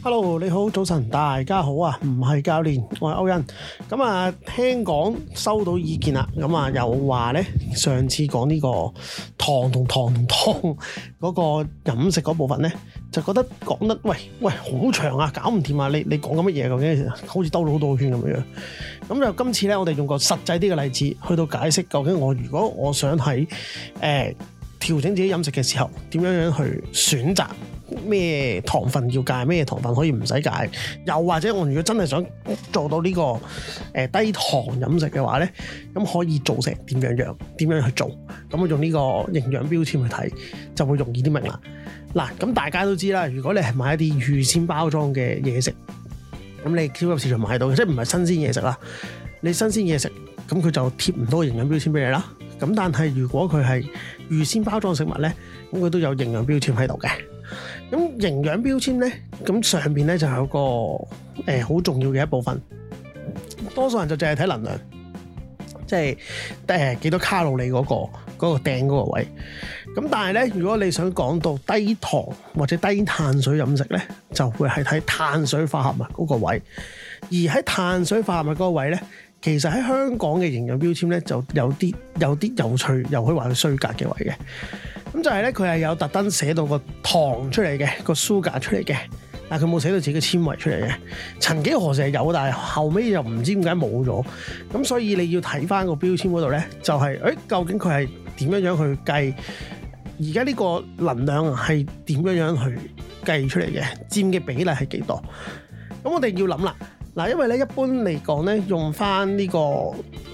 Hello，你好，早晨，大家好啊！唔係教練，我係 Owen。咁啊，聽講收到意見啦。咁啊，又話咧，上次講呢個糖同糖同湯嗰個飲食嗰部分咧，就覺得講得喂喂好長啊，搞唔掂啊！你你講緊乜嘢？究竟好似兜咗好多圈咁樣。咁就今次咧，我哋用個實際啲嘅例子去到解釋，究竟我如果我想喺誒調整自己飲食嘅時候，點樣樣去選擇？咩糖分要戒，咩糖分可以唔使戒？又或者我如果真係想做到呢個、呃、低糖飲食嘅話咧，咁可以做成點樣樣？點樣去做？咁我用呢個營養標籤去睇，就會容易啲明啦。嗱，咁大家都知啦，如果你係買一啲預先包裝嘅嘢食，咁你超級市場買到，即係唔係新鮮嘢食啦？你新鮮嘢食，咁佢就貼唔到營養標籤俾你啦。咁但係如果佢係預先包裝食物咧，咁佢都有營養標籤喺度嘅。咁營養標籤咧，咁上面咧就有個個好、呃、重要嘅一部分。多數人就淨係睇能量，即係誒幾多卡路里嗰、嗰個嗰、嗰個掟嗰個位。咁但係咧，如果你想講到低糖或者低碳水飲食咧，就會係睇碳水化合物嗰個位。而喺碳水化合物嗰個位咧，其實喺香港嘅營養標籤咧，就有啲有啲有趣，又可以話佢衰格嘅位嘅。咁就係咧，佢係有特登寫到個糖出嚟嘅，個 sugar 出嚟嘅，但佢冇寫到自己嘅纖維出嚟嘅。曾經何時係有，但係後尾又唔知點解冇咗。咁所以你要睇翻個標籤嗰度咧，就係、是、誒、欸、究竟佢係點樣樣去計？而家呢個能量係點樣樣去計出嚟嘅？佔嘅比例係幾多少？咁我哋要諗啦，嗱，因為咧一般嚟講咧，用翻呢個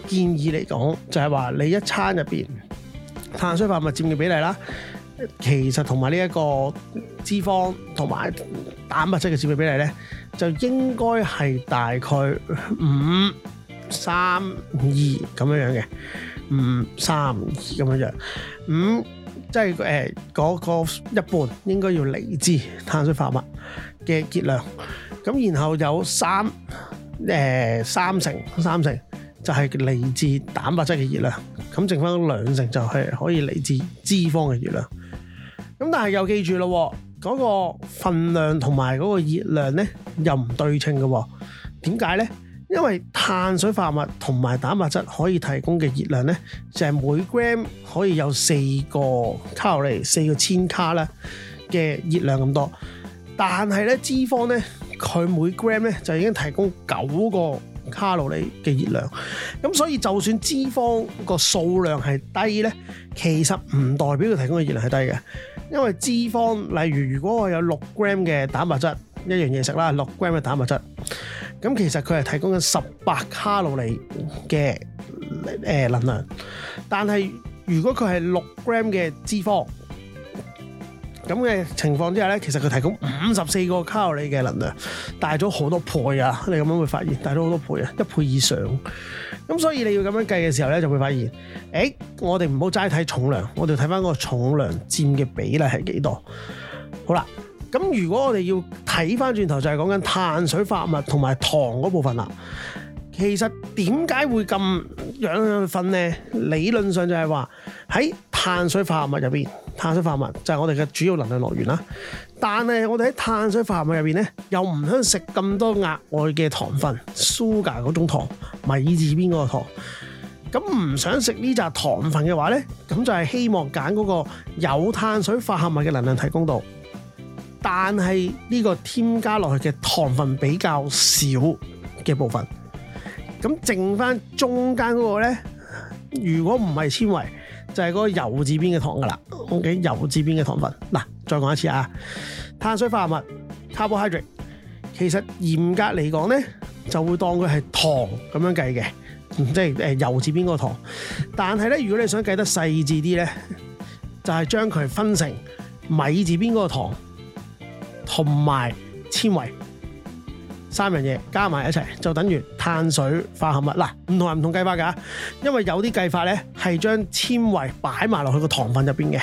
建議嚟講，就係、是、話你一餐入邊。碳水化合物佔嘅比例啦，其實同埋呢一個脂肪同埋蛋白質嘅佔嘅比例咧，就應該係大概五三二咁樣樣嘅 5, 3, 2, 這樣嘅，五三二咁樣樣，五即係誒嗰個一半應該要嚟自碳水化合物嘅結量，咁然後有三誒三成三成。就係嚟自蛋白質嘅熱量，咁剩翻兩成就係可以嚟自脂肪嘅熱量。咁但係又記住咯，嗰個份量同埋嗰個熱量呢又唔對稱嘅。點解呢？因為碳水化合物同埋蛋白質可以提供嘅熱量呢，就係每 gram 可以有四個卡路里、四個千卡啦嘅熱量咁多。但係呢脂肪呢，佢每 gram 呢就已經提供九個。卡路里嘅熱量，咁所以就算脂肪個數量係低呢，其實唔代表佢提供嘅熱量係低嘅，因為脂肪例如如果我有六 gram 嘅蛋白質一樣嘢食啦，六 gram 嘅蛋白質，咁其實佢係提供緊十八卡路里嘅誒能量，但係如果佢係六 gram 嘅脂肪。咁嘅情況之下呢，其實佢提供五十四個卡路里嘅能量，大咗好多倍啊！你咁樣會發現，大咗好多倍啊，一倍以上。咁所以你要咁樣計嘅時候呢，就會發現，誒、欸，我哋唔好齋睇重量，我哋睇翻個重量佔嘅比例係幾多。好啦，咁如果我哋要睇翻轉頭，就係講緊碳水化合物同埋糖嗰部分啦。其實點解會咁樣去分呢？理論上就係話喺碳水化合物入邊，碳水化合物就係我哋嘅主要能量來源啦。但係我哋喺碳水化合物入邊呢，又唔想食咁多額外嘅糖分 sugar 嗰種糖，米字邊嗰個糖。咁唔想食呢紮糖分嘅話呢，咁就係希望揀嗰個有碳水化合物嘅能量提供度，但係呢個添加落去嘅糖分比較少嘅部分。咁剩翻中間嗰個呢，如果唔係纖維。就係嗰個油字邊嘅糖㗎啦，OK？油字邊嘅糖分嗱，再講一次啊，碳水化合物 （carbohydrate） 其實嚴格嚟講咧，就會當佢係糖咁樣計嘅，即係誒油字邊嗰個糖。但係咧，如果你想計得細緻啲咧，就係將佢分成米字邊嗰個糖同埋纖維。三樣嘢加埋一齊就等於碳水化合物嗱，唔同人唔同計法噶，因為有啲計法咧係將纖維擺埋落去個糖分入邊嘅。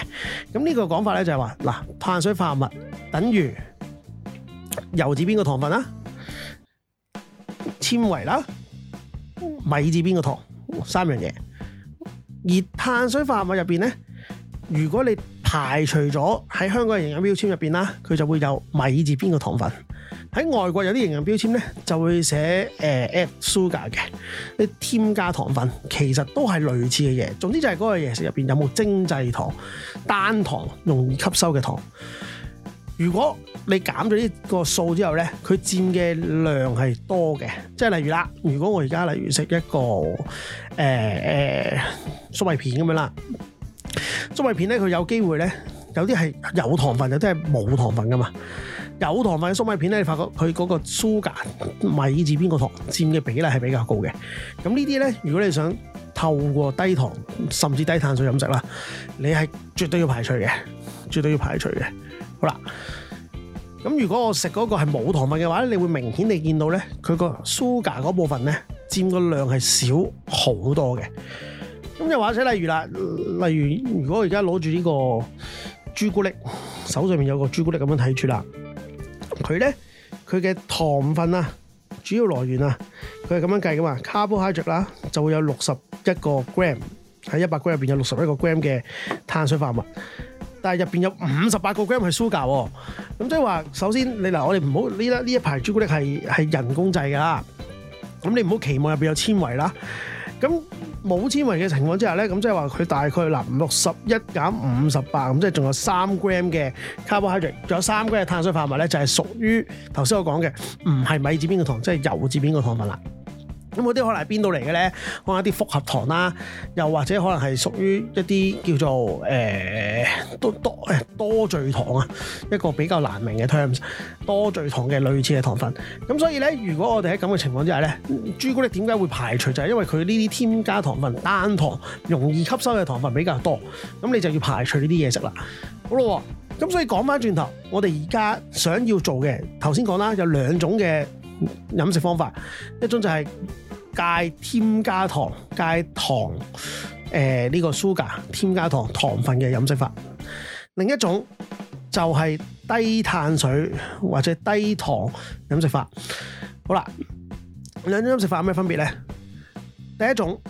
咁呢個講法咧就係話，嗱，碳水化合物等於油字邊個糖分啦，纖維啦，米字邊個糖，三樣嘢。而碳水化合物入邊咧，如果你排除咗喺香港嘅營養標籤入邊啦，佢就會有米字邊個糖分。喺外國有啲營養標籤咧，就會寫誒 add sugar 嘅，你添加糖分，其實都係類似嘅嘢。總之就係嗰個嘢食入邊有冇精製糖、單糖、容易吸收嘅糖。如果你減咗呢個數之後咧，佢佔嘅量係多嘅。即係例如啦，如果我而家例如食一個誒誒粟米片咁樣啦，粟米片咧佢有機會咧，有啲係有糖分，有啲係冇糖分噶嘛。有糖分嘅粟米片咧，你發覺佢嗰個 sugar 米字邊個糖佔嘅比例係比較高嘅。咁呢啲咧，如果你想透過低糖甚至低碳水飲食啦，你係絕對要排除嘅，絕對要排除嘅。好啦，咁如果我食嗰個係冇糖分嘅話咧，你會明顯地見到咧，佢個 sugar 嗰部分咧，佔個量係少好多嘅。咁又話，即例如啦，例如如果我而家攞住呢個朱古力，手上面有個朱古力咁樣睇住啦。佢咧，佢嘅糖分啦、啊，主要來源啊，佢係咁樣計噶嘛，carbohydrate 啦、啊，就會有六十一個 gram 喺一百 gram 入邊有六十一個 gram 嘅碳水化合物，但係入邊有五十八個 gram 係 sugar，咁即係話，首先你嗱，我哋唔好呢呢一排朱古力係係人工製噶，咁你唔好期望入邊有纖維啦，咁。冇纖維嘅情況之下咧，咁即係話佢大概嗱六十一減五十八，咁即係仲有三 gram 嘅 carbohydrate，仲有三 gram 嘅碳水化合物咧，就係屬於頭先我講嘅，唔係米字邊嘅糖，即係油字邊嘅糖分啦。咁嗰啲可能係邊度嚟嘅咧？可能一啲複合糖啦、啊，又或者可能係屬於一啲叫做、欸、多誒多，多聚糖啊，一個比較難明嘅 terms，多聚糖嘅類似嘅糖分。咁所以咧，如果我哋喺咁嘅情況之下咧，朱古力點解會排除就係、是、因為佢呢啲添加糖分、單糖容易吸收嘅糖分比較多，咁你就要排除呢啲嘢食啦。好喎，咁所以講翻轉頭，我哋而家想要做嘅頭先講啦，有兩種嘅。飲食方法一種就係戒添加糖，戒糖，誒、呃、呢、這個 sugar 添加糖糖分嘅飲食法。另一種就係低碳水或者低糖飲食法。好啦，兩種飲食法有咩分別呢？第一種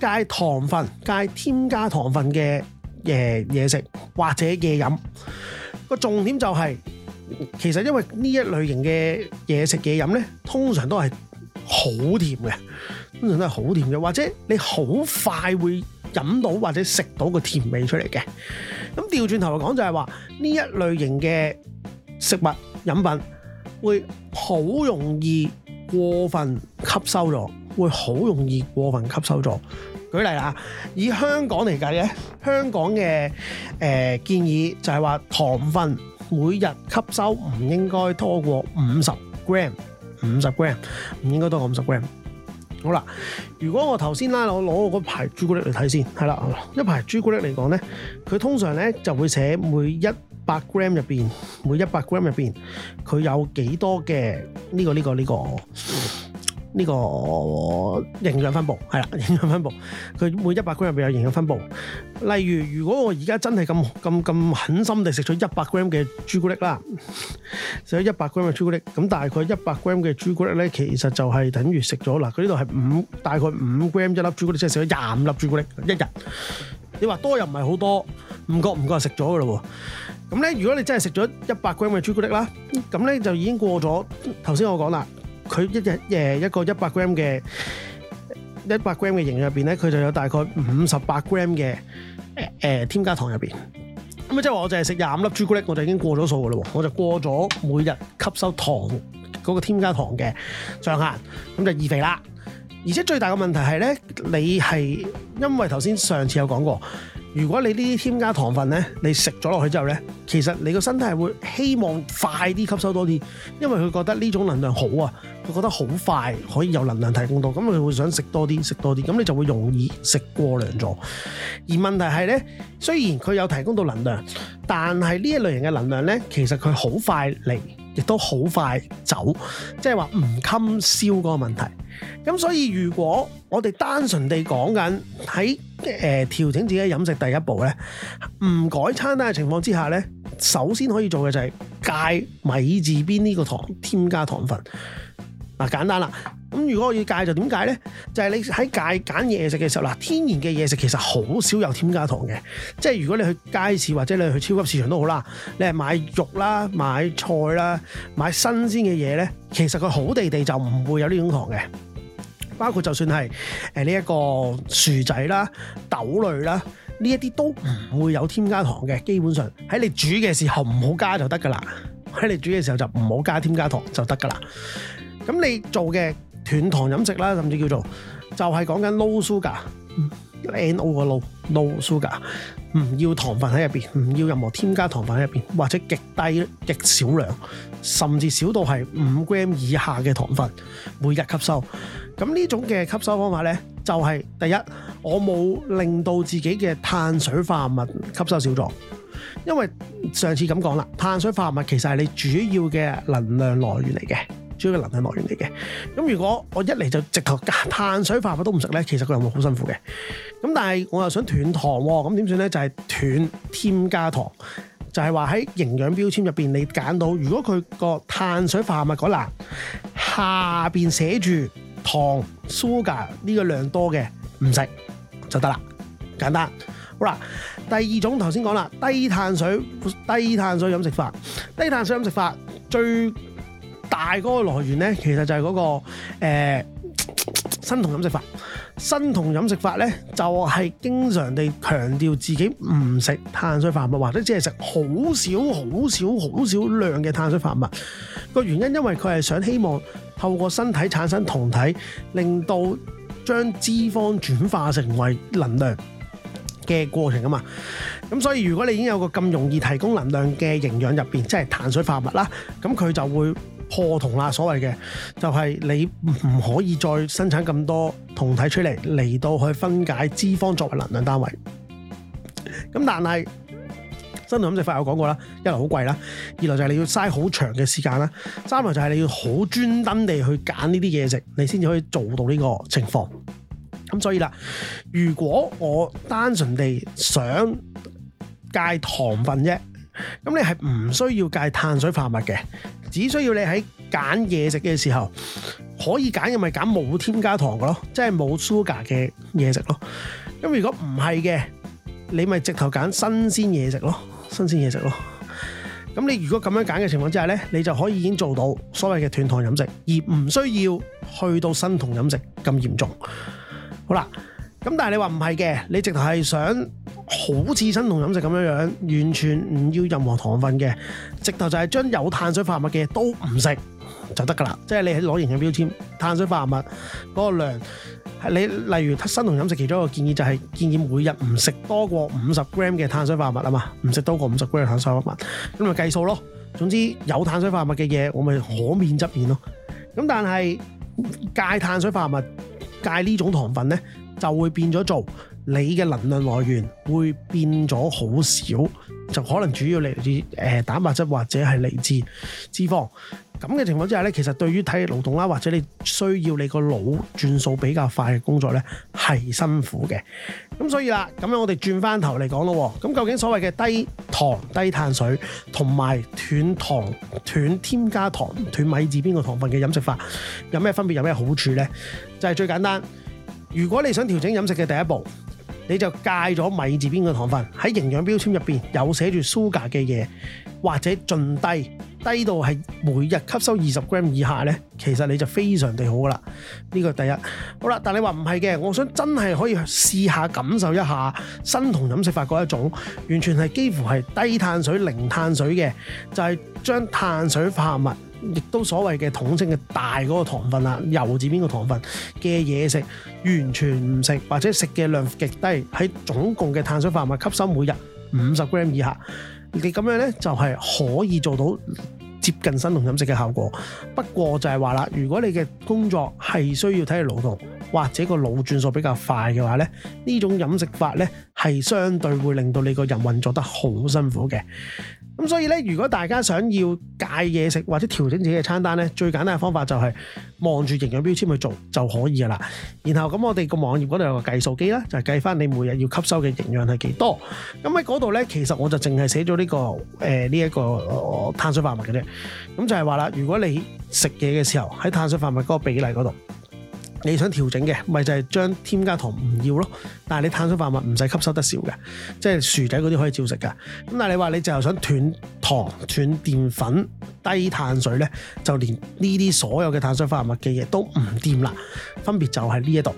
戒糖分、戒添加糖分嘅嘢、呃、食或者嘢飲，個重點就係、是。其實因為呢一類型嘅嘢食嘢飲咧，通常都係好甜嘅，通常都係好甜嘅，或者你好快會飲到或者食到個甜味出嚟嘅。咁調轉頭嚟講就係話呢一類型嘅食物飲品會好容易過分吸收咗，會好容易過分吸收咗。舉例啦，以香港嚟計嘅，香港嘅誒、呃、建議就係話糖分。每日吸收唔應該多過五十 gram，五十 gram 唔應該多過五十 gram。好啦，如果我頭先啦我攞我嗰排朱古力嚟睇先，係啦，一排朱古力嚟講咧，佢通常咧就會寫每一百 gram 入邊，每一百 gram 入邊，佢有幾多嘅呢個呢個呢個。呢個營養分佈係啦，營養分佈佢每一百 gram 入邊有營養分佈。例如，如果我而家真係咁咁咁狠心地食咗一百 gram 嘅朱古力啦，食咗一百 gram 嘅朱古力，咁大概一百 gram 嘅朱古力咧，其實就係等於食咗嗱，佢呢度係五大概五 gram 一粒朱古力，即係食咗廿五粒朱古力一日。你話多又唔係好多，唔覺唔覺就食咗噶咯喎。咁咧，如果你真係食咗一百 gram 嘅朱古力啦，咁咧就已經過咗頭先我講啦。佢一日誒一個一百 gram 嘅，一百 gram 嘅營養入邊咧，佢就有大概五十八 gram 嘅誒誒添加糖入邊。咁啊，即係話我就係食廿五粒朱古力，我就已經過咗數噶啦喎，我就過咗每日吸收糖嗰個添加糖嘅上限，咁就易肥啦。而且最大嘅問題係咧，你係因為頭先上次有講過。如果你呢啲添加糖分呢，你食咗落去之後呢，其實你個身體係會希望快啲吸收多啲，因為佢覺得呢種能量好啊，佢覺得好快可以有能量提供到，咁佢會想食多啲，食多啲，咁你就會容易食過量咗。而問題係呢，雖然佢有提供到能量，但係呢一類型嘅能量呢，其實佢好快嚟，亦都好快走，即係話唔襟燒嗰個問題。咁所以如果我哋單純地講緊喺，誒、呃，調整自己飲食第一步咧，唔改餐單嘅情況之下咧，首先可以做嘅就係戒米字邊呢個糖，添加糖分。嗱、啊，簡單啦。咁如果我要戒就點解呢？就係、是、你喺戒揀嘢食嘅時候，嗱，天然嘅嘢食其實好少有添加糖嘅。即係如果你去街市或者你去超級市場都好啦，你係買肉啦、買菜啦、買新鮮嘅嘢呢，其實佢好地地就唔會有呢種糖嘅。包括就算係誒呢一個薯仔啦、豆類啦，呢一啲都唔會有添加糖嘅。基本上喺你煮嘅時候唔好加就得噶啦。喺你煮嘅時候就唔好加添加糖就得噶啦。咁你做嘅斷糖飲食啦，甚至叫做就係、是、講緊 no sugar，no 個 no no sugar，唔、no no、要糖分喺入邊，唔要任何添加糖分喺入邊，或者極低極少量，甚至少到係五 gram 以下嘅糖分每日吸收。咁呢種嘅吸收方法呢，就係第一，我冇令到自己嘅碳水化合物吸收少咗，因為上次咁講啦，碳水化合物其實係你主要嘅能量來源嚟嘅，主要嘅能量來源嚟嘅。咁如果我一嚟就直頭碳水化合物都唔食呢，其實個人會好辛苦嘅。咁但係我又想斷糖喎，咁點算呢？就係斷添加糖，就係話喺營養標籤入邊你揀到，如果佢個碳水化合物嗰欄下邊寫住。糖 sugar 呢個量多嘅唔食就得啦，簡單好啦。第二種頭先講啦，低碳水，低碳水飲食法，低碳水飲食法最大嗰個來源呢，其實就係嗰、那個誒生酮飲食法。生酮飲食法呢，就係、是、經常地強調自己唔食碳水化合物，或者只係食好少好少好少量嘅碳水化合物。個原因是因為佢係想希望。透過身體產生酮體，令到將脂肪轉化成為能量嘅過程啊嘛。咁所以如果你已經有個咁容易提供能量嘅營養入邊，即係碳水化合物啦，咁佢就會破酮啦。所謂嘅就係你唔可以再生產咁多酮體出嚟，嚟到去分解脂肪作為能量單位。咁但係。咁係飲食法有講過啦，一來好貴啦，二來就係你要嘥好長嘅時間啦，三來就係你要好專登地去揀呢啲嘢食，你先至可以做到呢個情況。咁所以啦，如果我單純地想戒糖分啫，咁你係唔需要戒碳水化合物嘅，只需要你喺揀嘢食嘅時候可以揀嘅咪揀冇添加糖嘅咯，即係冇 sugar 嘅嘢食咯。咁如果唔係嘅，你咪直頭揀新鮮嘢食咯。新鮮嘢食咯。啊，咁你如果咁樣揀嘅情況之下呢，你就可以已經做到所謂嘅斷糖飲食，而唔需要去到生酮飲食咁嚴重。好啦，咁但係你話唔係嘅，你直頭係想好似生酮飲食咁樣樣，完全唔要任何糖分嘅，直頭就係將有碳水化合物嘅都唔食就得噶啦。即係你係攞營養標籤碳水化合物嗰個量。你例如生酮飲食，其中一個建議就係建議每日唔食多過五十 gram 嘅碳水化合物啊嘛，唔食多過五十 gram 碳水化合物，咁咪計數咯。總之有碳水化合物嘅嘢，我咪可免則免咯。咁但係戒碳水化合物、戒呢種糖分咧，就會變咗做。你嘅能量來源會變咗好少，就可能主要嚟自誒蛋白質或者係嚟自脂肪。咁嘅情況之下呢，其實對於體力勞動啦，或者你需要你個腦轉數比較快嘅工作呢，係辛苦嘅。咁所以啦，咁樣我哋轉翻頭嚟講咯。咁究竟所謂嘅低糖低碳水同埋斷糖、斷添加糖、斷米字邊個糖分嘅飲食法有咩分別？有咩好處呢？就係最簡單，如果你想調整飲食嘅第一步。你就戒咗米字邊個糖分喺營養標籤入面有寫住 sugar 嘅嘢，或者盡低低到係每日吸收二十 gram 以下呢，其實你就非常地好噶啦。呢個第一，好啦，但你話唔係嘅，我想真係可以試下感受一下生酮飲食法嗰一種，完全係幾乎係低碳水、零碳水嘅，就係、是、將碳水化合物。亦都所謂嘅統稱嘅大嗰個糖分啦、油脂邊個糖分嘅嘢食，完全唔食或者食嘅量極低，喺總共嘅碳水化合物吸收每日五十 gram 以下，你咁樣呢，就係可以做到接近生酮飲食嘅效果。不過就係話啦，如果你嘅工作係需要體力勞動或者個腦轉數比較快嘅話咧，呢種飲食法呢係相對會令到你個人運作得好辛苦嘅。咁所以咧，如果大家想要戒嘢食或者調整自己嘅餐單咧，最簡單嘅方法就係望住營養標籤去做就可以噶啦。然後咁我哋個網頁嗰度有個計數機啦，就係計返你每日要吸收嘅營養係幾多。咁喺嗰度咧，其實我就淨係寫咗呢個誒呢一個碳水化合物嘅啫。咁就係話啦，如果你食嘢嘅時候喺碳水化合物嗰個比例嗰度，你想調整嘅，咪就係將添加糖唔要咯。但係你碳水化合物唔使吸收得少嘅，即係薯仔嗰啲可以照食噶。咁但係你話你就想斷糖、斷澱粉、低碳水呢，就連呢啲所有嘅碳水化合物嘅嘢都唔掂啦。分別就係呢一度。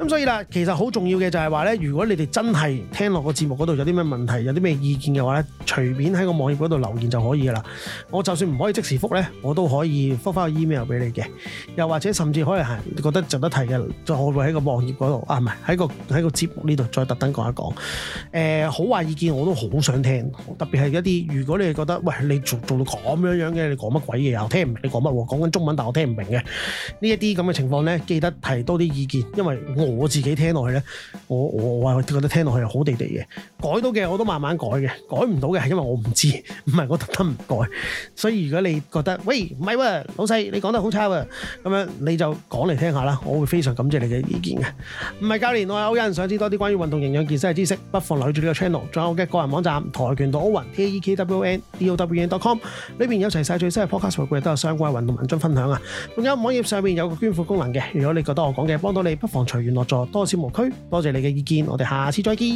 咁所以啦，其實好重要嘅就係話呢：如果你哋真係聽落個節目嗰度有啲咩問題、有啲咩意見嘅話呢，隨便喺個網頁嗰度留言就可以㗎啦。我就算唔可以即時覆呢，我都可以覆翻個 email 俾你嘅。又或者甚至可以係覺得就。得提嘅，就我會喺個網頁嗰度啊，唔係喺個喺個節目呢度再特登講一講。誒、呃，好壞意見我都好想聽，特別係一啲，如果你係覺得，喂，你做做到咁樣樣嘅，你講乜鬼嘢啊？我聽唔明你講乜？講緊中文，但我聽唔明嘅呢一啲咁嘅情況咧，記得提多啲意見，因為我自己聽落去咧，我我我係覺得聽落去係好地地嘅，改到嘅我都慢慢改嘅，改唔到嘅係因為我唔知道，唔係我特登唔改。所以如果你覺得，喂，唔係喎，老細你講得好差喎，啊，咁樣你就講嚟聽下啦。我會非常感謝你嘅意見嘅，唔係教練，我係 Owen，想知多啲關於運動營養健身嘅知識，不妨留住呢個 channel，仲有我嘅個人網站跆拳道 Owen T E K W N D O W N com，裏面有齊晒最新嘅 podcast 回顧，亦都有相關運動文章分享啊，仲有網頁上面有個捐款功能嘅，如果你覺得我講嘅幫到你，不妨隨緣樂助，多謝唔該，多謝你嘅意見，我哋下次再見。